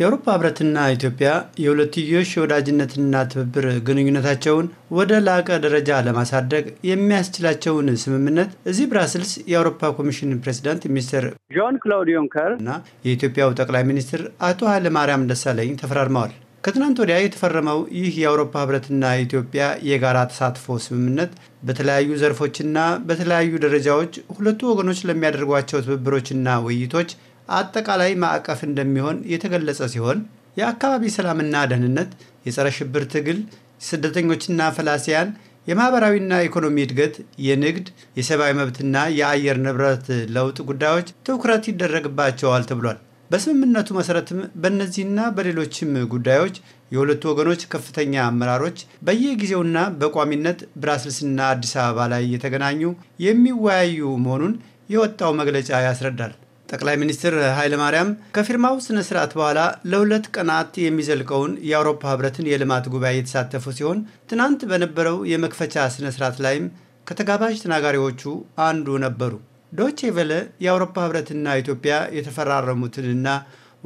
የአውሮፓ ህብረትና ኢትዮጵያ የሁለትዮሽ የወዳጅነትና ትብብር ግንኙነታቸውን ወደ ላቀ ደረጃ ለማሳደግ የሚያስችላቸውን ስምምነት እዚህ ብራስልስ የአውሮፓ ኮሚሽን ፕሬዚዳንት ሚስተር ጆን ክላውድ ዮንከር እና የኢትዮጵያው ጠቅላይ ሚኒስትር አቶ ኃይለማርያም ደሳለኝ ተፈራርመዋል። ከትናንት ወዲያ የተፈረመው ይህ የአውሮፓ ህብረትና ኢትዮጵያ የጋራ ተሳትፎ ስምምነት በተለያዩ ዘርፎችና በተለያዩ ደረጃዎች ሁለቱ ወገኖች ለሚያደርጓቸው ትብብሮችና ውይይቶች አጠቃላይ ማዕቀፍ እንደሚሆን የተገለጸ ሲሆን የአካባቢ ሰላምና ደህንነት፣ የጸረ ሽብር ትግል፣ ስደተኞችና ፈላሲያን፣ የማኅበራዊና ኢኮኖሚ እድገት፣ የንግድ፣ የሰብአዊ መብትና የአየር ንብረት ለውጥ ጉዳዮች ትኩረት ይደረግባቸዋል ተብሏል። በስምምነቱ መሰረትም በእነዚህና በሌሎችም ጉዳዮች የሁለቱ ወገኖች ከፍተኛ አመራሮች በየጊዜውና በቋሚነት ብራስልስና አዲስ አበባ ላይ የተገናኙ የሚወያዩ መሆኑን የወጣው መግለጫ ያስረዳል። ጠቅላይ ሚኒስትር ኃይለማርያም ከፊርማው ስነ ስርዓት በኋላ ለሁለት ቀናት የሚዘልቀውን የአውሮፓ ህብረትን የልማት ጉባኤ የተሳተፉ ሲሆን ትናንት በነበረው የመክፈቻ ስነ ስርዓት ላይም ከተጋባዥ ተናጋሪዎቹ አንዱ ነበሩ። ዶቼ ቬለ የአውሮፓ ህብረትና ኢትዮጵያ የተፈራረሙትንና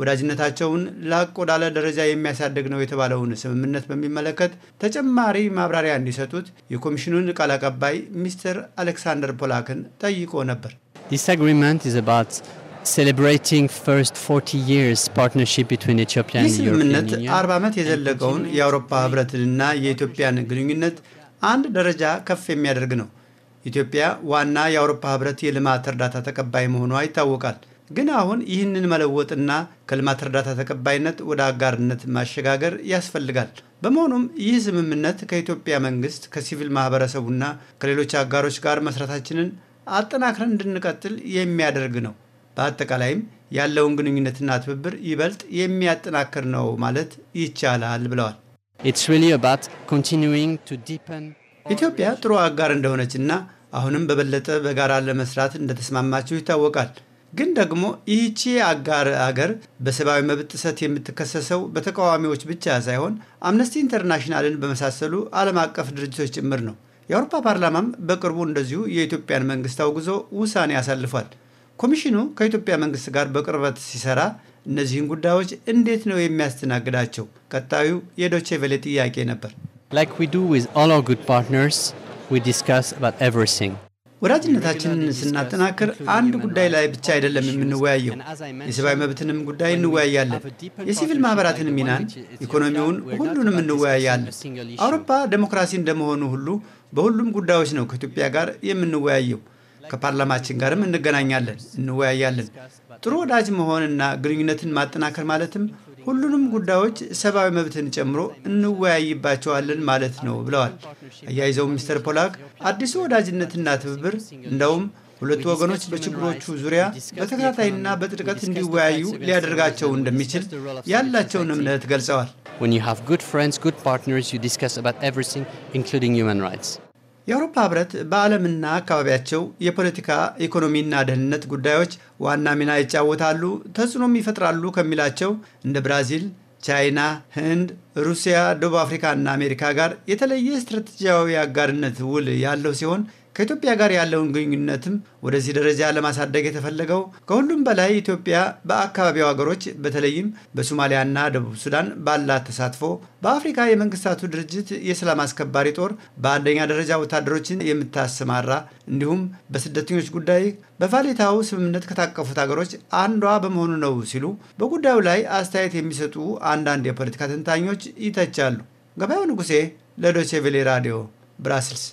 ወዳጅነታቸውን ላቅ ወዳለ ደረጃ የሚያሳድግ ነው የተባለውን ስምምነት በሚመለከት ተጨማሪ ማብራሪያ እንዲሰጡት የኮሚሽኑን ቃል አቀባይ ሚስተር አሌክሳንደር ፖላክን ጠይቆ ነበር። This agreement is about celebrating first 40 years partnership between Ethiopia and ስምምነት 40 ዓመት የዘለቀውን የአውሮፓ ህብረትንና የኢትዮጵያን ግንኙነት አንድ ደረጃ ከፍ የሚያደርግ ነው። ኢትዮጵያ ዋና የአውሮፓ ህብረት የልማት እርዳታ ተቀባይ መሆኗ ይታወቃል። ግን አሁን ይህንን መለወጥና ከልማት እርዳታ ተቀባይነት ወደ አጋርነት ማሸጋገር ያስፈልጋል። በመሆኑም ይህ ስምምነት ከኢትዮጵያ መንግስት፣ ከሲቪል ማህበረሰቡና ከሌሎች አጋሮች ጋር መስራታችንን አጠናክረን እንድንቀጥል የሚያደርግ ነው። በአጠቃላይም ያለውን ግንኙነትና ትብብር ይበልጥ የሚያጠናክር ነው ማለት ይቻላል ብለዋል። ኢትዮጵያ ጥሩ አጋር እንደሆነችና አሁንም በበለጠ በጋራ ለመስራት እንደተስማማችው ይታወቃል። ግን ደግሞ ይህቺ አጋር አገር በሰብአዊ መብት ጥሰት የምትከሰሰው በተቃዋሚዎች ብቻ ሳይሆን አምነስቲ ኢንተርናሽናልን በመሳሰሉ ዓለም አቀፍ ድርጅቶች ጭምር ነው። የአውሮፓ ፓርላማም በቅርቡ እንደዚሁ የኢትዮጵያን መንግስት አውግዞ ውሳኔ አሳልፏል። ኮሚሽኑ ከኢትዮጵያ መንግስት ጋር በቅርበት ሲሰራ እነዚህን ጉዳዮች እንዴት ነው የሚያስተናግዳቸው? ቀጣዩ የዶቼ ቬሌ ጥያቄ ነበር። ወዳጅነታችንን ስናጠናክር አንድ ጉዳይ ላይ ብቻ አይደለም የምንወያየው። የሰብአዊ መብትንም ጉዳይ እንወያያለን፣ የሲቪል ማህበራትን ሚናን፣ ኢኮኖሚውን፣ ሁሉንም እንወያያለን። አውሮፓ ዴሞክራሲ እንደመሆኑ ሁሉ በሁሉም ጉዳዮች ነው ከኢትዮጵያ ጋር የምንወያየው። ከፓርላማችን ጋርም እንገናኛለን፣ እንወያያለን። ጥሩ ወዳጅ መሆንና ግንኙነትን ማጠናከር ማለትም ሁሉንም ጉዳዮች ሰብአዊ መብትን ጨምሮ እንወያይባቸዋለን ማለት ነው ብለዋል። አያይዘው ሚስተር ፖላክ አዲሱ ወዳጅነትና ትብብር እንደውም ሁለቱ ወገኖች በችግሮቹ ዙሪያ በተከታታይና በጥልቀት እንዲወያዩ ሊያደርጋቸው እንደሚችል ያላቸውን እምነት ገልጸዋል። የአውሮፓ ህብረት በዓለምና አካባቢያቸው የፖለቲካ ኢኮኖሚና ደህንነት ጉዳዮች ዋና ሚና ይጫወታሉ፣ ተጽዕኖም ይፈጥራሉ ከሚላቸው እንደ ብራዚል፣ ቻይና፣ ህንድ፣ ሩሲያ፣ ደቡብ አፍሪካና አሜሪካ ጋር የተለየ ስትራቴጂያዊ አጋርነት ውል ያለው ሲሆን ከኢትዮጵያ ጋር ያለውን ግንኙነትም ወደዚህ ደረጃ ለማሳደግ የተፈለገው ከሁሉም በላይ ኢትዮጵያ በአካባቢው ሀገሮች በተለይም በሶማሊያና ደቡብ ሱዳን ባላት ተሳትፎ በአፍሪካ የመንግስታቱ ድርጅት የሰላም አስከባሪ ጦር በአንደኛ ደረጃ ወታደሮችን የምታሰማራ እንዲሁም በስደተኞች ጉዳይ በቫሌታው ስምምነት ከታቀፉት ሀገሮች አንዷ በመሆኑ ነው ሲሉ በጉዳዩ ላይ አስተያየት የሚሰጡ አንዳንድ የፖለቲካ ተንታኞች ይተቻሉ። ገበያው ንጉሴ ለዶቼቬሌ ራዲዮ ብራስልስ